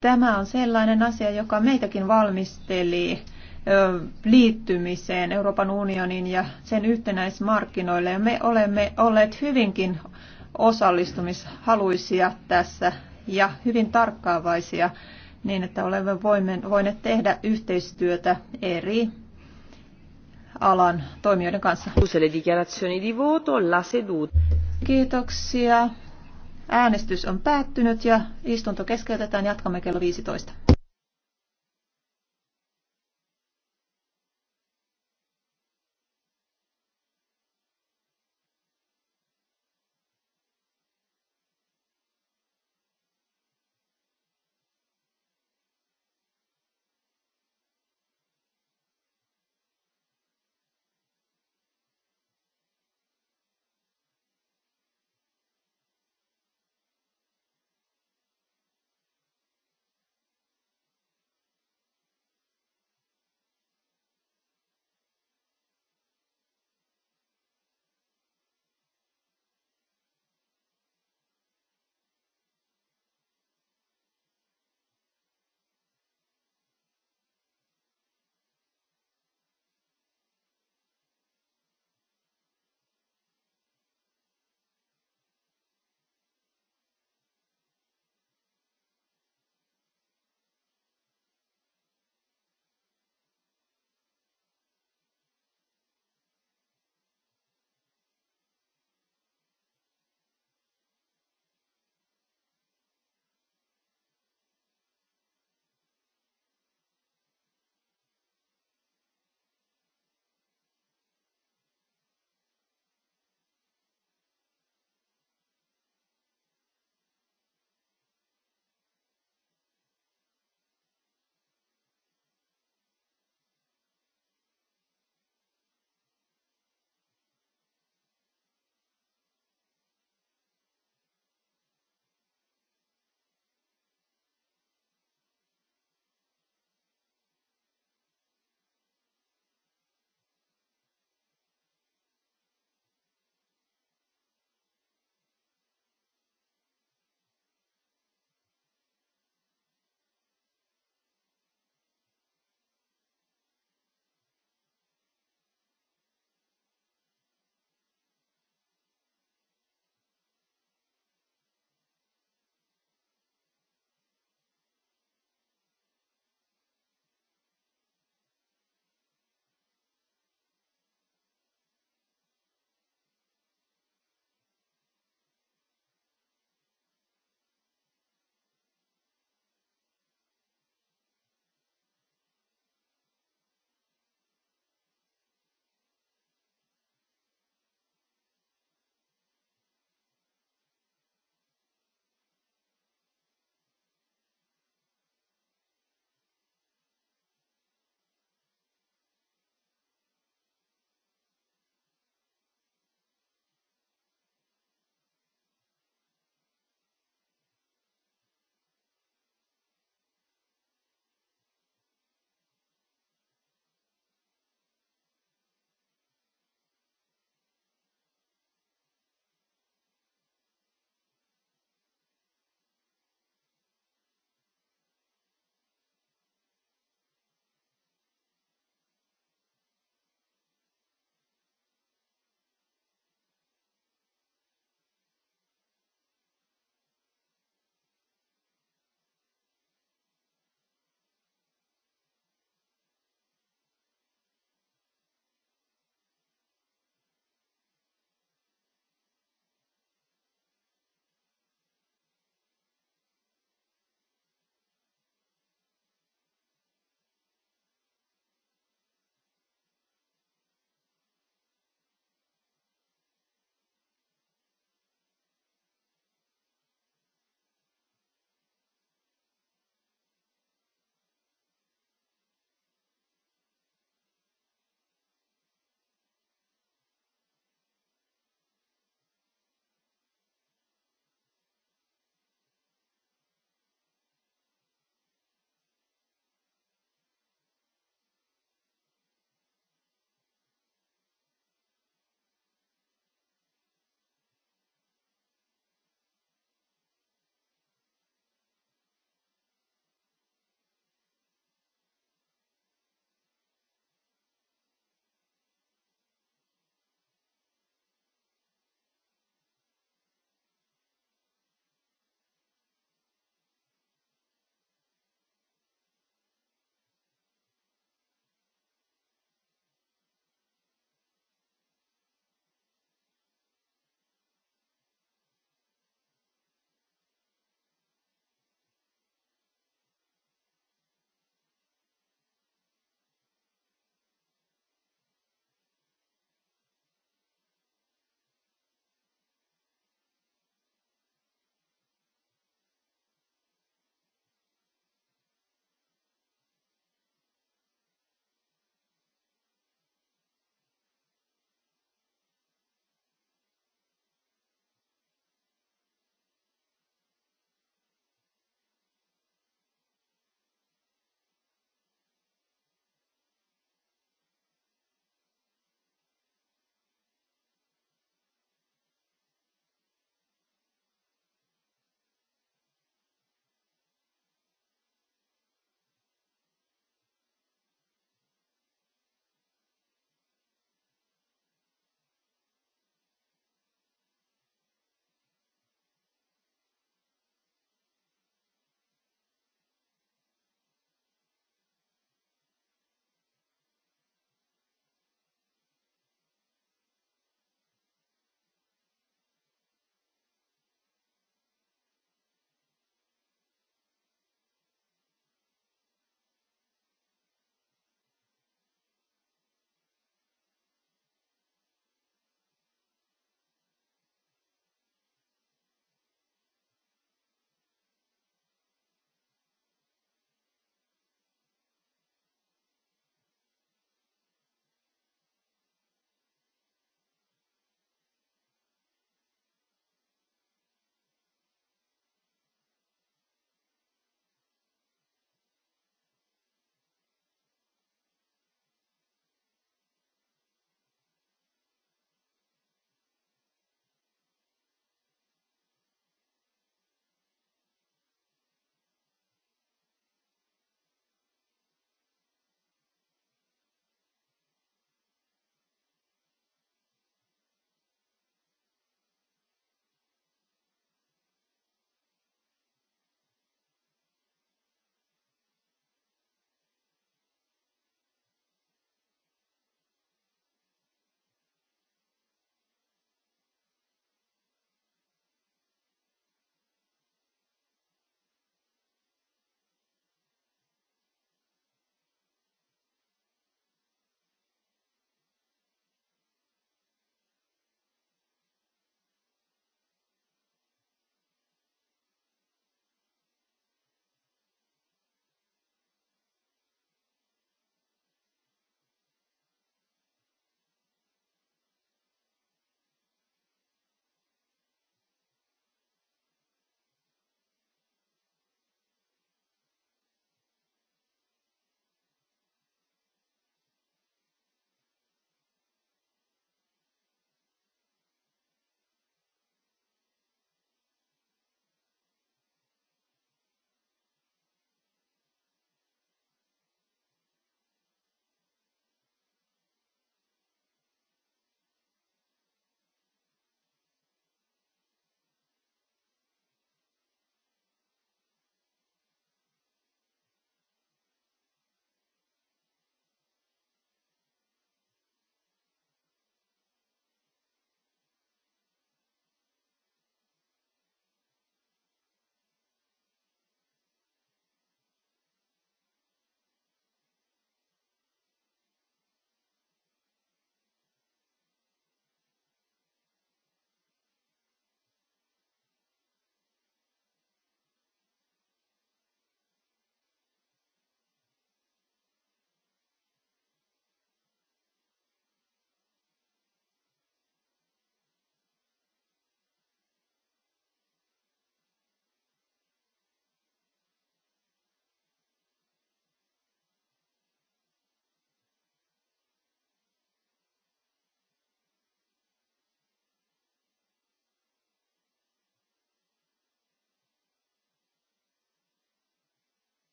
Tämä on sellainen asia, joka meitäkin valmisteli liittymiseen Euroopan unionin ja sen yhtenäismarkkinoille. Ja me olemme olleet hyvinkin osallistumishaluisia tässä ja hyvin tarkkaavaisia niin, että olemme voineet tehdä yhteistyötä eri alan toimijoiden kanssa. Kiitoksia. Äänestys on päättynyt ja istunto keskeytetään. Jatkamme kello 15.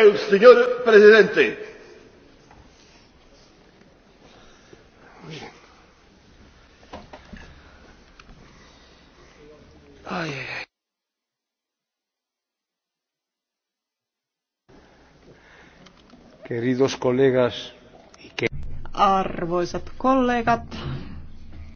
el señor presidente. Ay, ay, ay. Queridos colegas. Arvoisat kollegat,